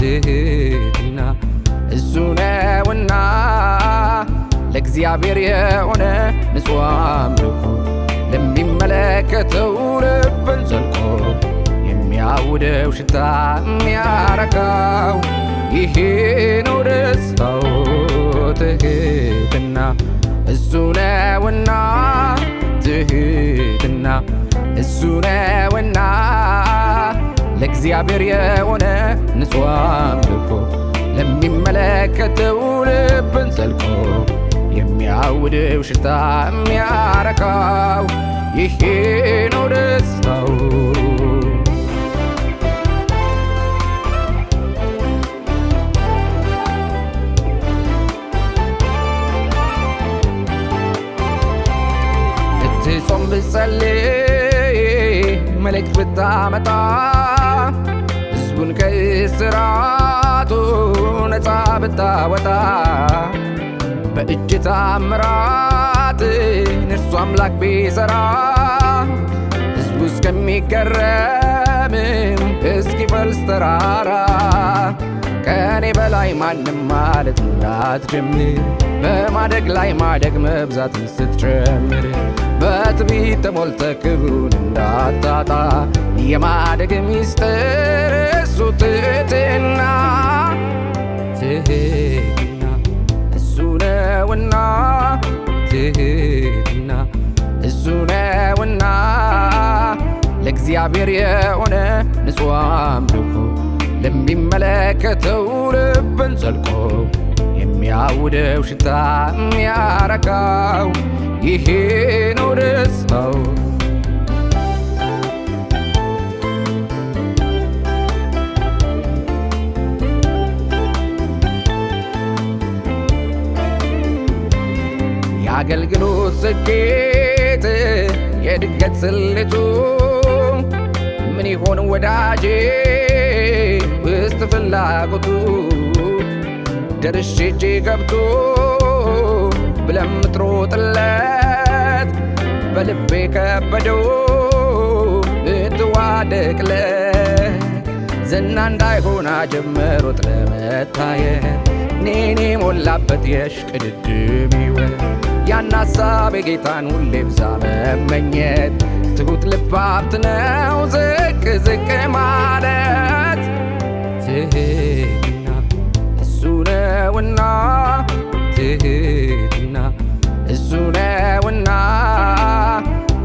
ትህትና እሱ ነውና ለእግዚአብሔር የሆነ ንጹሕ አምልኮ ለሚመለከተው ልብን ዘልቆ የሚያውደው ሽታ የሚያረካው ይሄ ነው ደስታው ትህትና እሱ ነውና ትህትና እሱ ነውና زيابير يا ونا نسوان لكو لمي ملاكة ولب نسلكو يمي عود وشتا أمي عركاو يحينو رستاو تصوم بالسلي ملك بالطعم طعم ሕዝቡን ከእስራቱ ነፃ ብታወጣ በእጅ ታምራት እርሱ አምላክ ቢሰራ ሕዝቡ እስከሚገረምም እስኪፈልስ ተራራ ከኔ በላይ ማንም ማለት እንዳትጀምር በማደግ ላይ ማደግ መብዛትን ስትጨምር በትዕቢት ተሞልተ ክብሩን እንዳታጣ የማደግ ሚስጥር እሱ ትህትና ትህትና እሱ ነውና ትህትና እሱ ነውና ለእግዚአብሔር የሆነ ንጹሕ አምልኮ ለሚመለከተው ልብን ዘልቆ ሚያውደው ሽታ የሚያረካው ይሄ ነው ደስታው። የአገልግሎት ስኬት የድገት ስልቱ ምን ይሆን ወዳጄ ውስጥ ፍላጎቱ ደርሼ እጄ ገብቶ ጥለት በልቤ ከበደው እትዋደቅለት ዝና እንዳይሆና ጀመሮት ለመታየት ኔኔ ሞላበት የሽቅድድም ሕይወት ያን ሀሳብ የጌታን ሁሌ ብዛ መመኘት ትሁት ልብ ነው ዝቅ ዝቅ ማለት ነውና ትህትና እሱ ነውና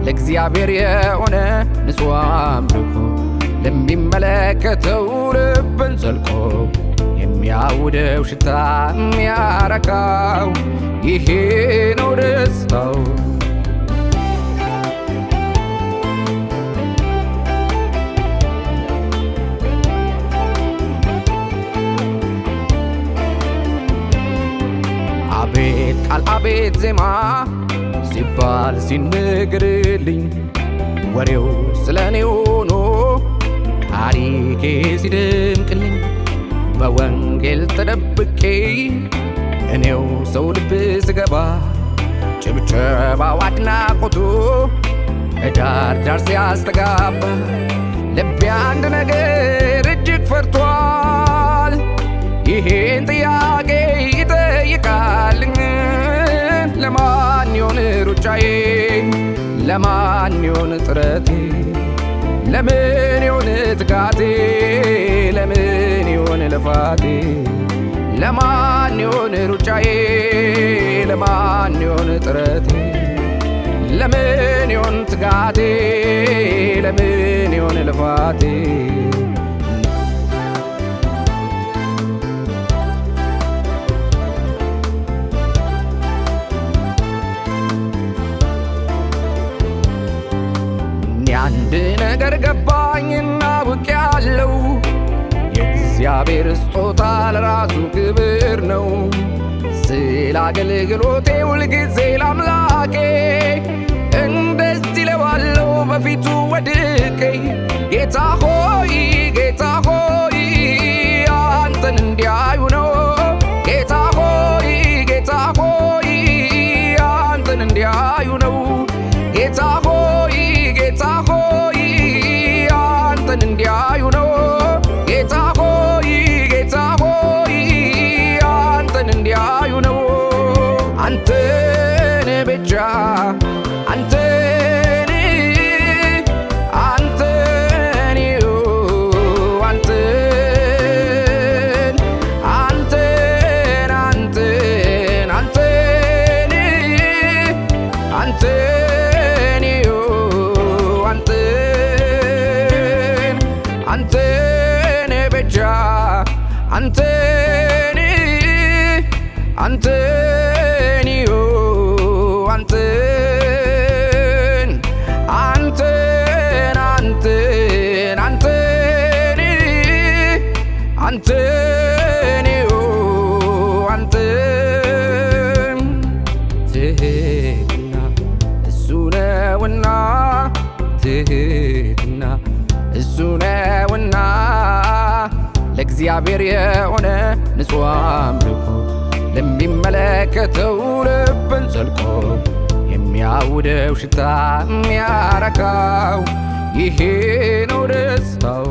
ለእግዚአብሔር የሆነ ንጹሕ አምልኮ ለሚመለከተው ልብን ዘልቆ የሚያውደው ሽታ የሚያረካው ይሄ ነው ደስታው። ቃል አቤት ዜማ ሲባል ሲነግርልኝ! ወሬው ስለ ሆኖ ታሪኬ ሲደምቅልኝ በወንጌል ተደብቄ እኔው ሰው ልብ ስገባ ጭብጨባው አድናቆቱ እዳር ዳር ሲያስተጋባ ልቤ አንድ ነገር ለማን ይሆን ጥረቴ? ለምን ይሆን ጥቃቴ? ለምን ይሆን ልፋቴ? ለማን ይሆን ሩጫዬ? ለማን ይሆን ጥረቴ? ለምን ይሆን ትጋቴ? ለምን ይሆን ልፋቴ? አንድ ነገር ገባኝና ውቅ ያለው የእግዚአብሔር ስጦታ ለራሱ ክብር ነው። ስለ አገልግሎቴ ሁልጊዜ ላምላኬ እንደዚህ ለዋለው በፊቱ ወድቄ ጌታ ሆይ ጌታ ሆይ ደረጃ አንተን አንተን አንተን አንተን አንተን አንተን አንተን አንተን ትህትና እሱ ነውና ትህትና እሱ ነው ለእግዚአብሔር የሆነ ንጹሕ አምልኮ ለሚመለከተው ልብን ዘልቆ የሚያውደው ሽታ የሚያረካው ይሄ ነው ደስታው።